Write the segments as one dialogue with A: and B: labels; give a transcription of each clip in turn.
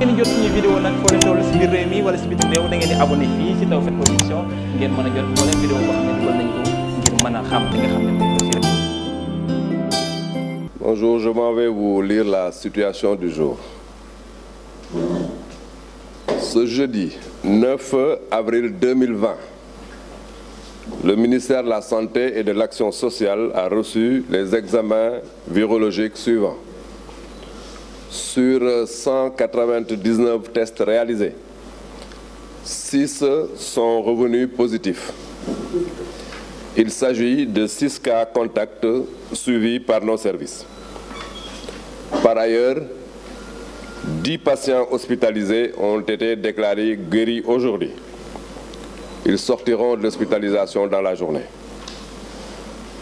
A: ngeen jot suñu vidéo nag foo leen toll si biir réew mi wala si biir réew da ngeen di abonné fii si Tawfekh Production ngeen mën a jot moo leen vidéo boo xam ne dugal nañ ko ngir mën a xam li nga xam ne moom
B: Bonjour, je m'en vais vous lire la situation du jour. Ce jeudi 9 avril 2020, le ministère de la Santé et de l'Action sociale a reçu les examens virologiques suivants. sur 199 tests réalisés, 6 sont revenus positifs. Il s'agit de 6 cas contacts suivis par nos services. Par ailleurs, 10 patients hospitalisés ont été déclarés guéris aujourd'hui. Ils sortiront de l'hospitalisation dans la journée.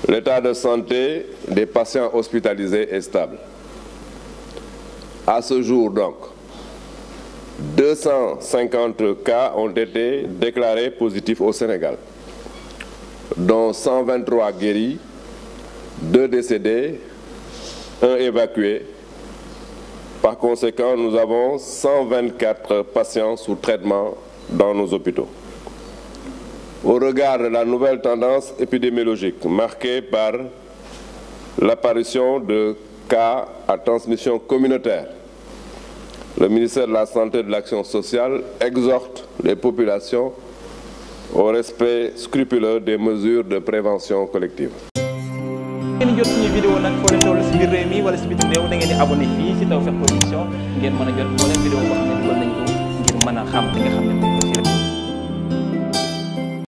B: L'état de santé des patients hospitalisés est À ce jour, donc, 250 cas ont été déclarés positifs au Sénégal, dont 123 guéris, 2 décédés, 1 évacué. Par conséquent, nous avons 124 patients sous traitement dans nos hôpitaux. Au regard de la nouvelle tendance épidémiologique marquée par l'apparition de cas à transmission communautaire, le ministère de la Santé et de l'Action sociale exhorte les populations au respect scrupuleux des mesures de prévention collective.
A: ngeen jot suñu vidéo nag foo leen toll si biir réew mi wala si biti réew da ngeen di abonné fii si Tawfekh Production ngeen mën a jot moo leen vidéo boo xam ne dugal nañ ko ngir mën a xam li nga xam ne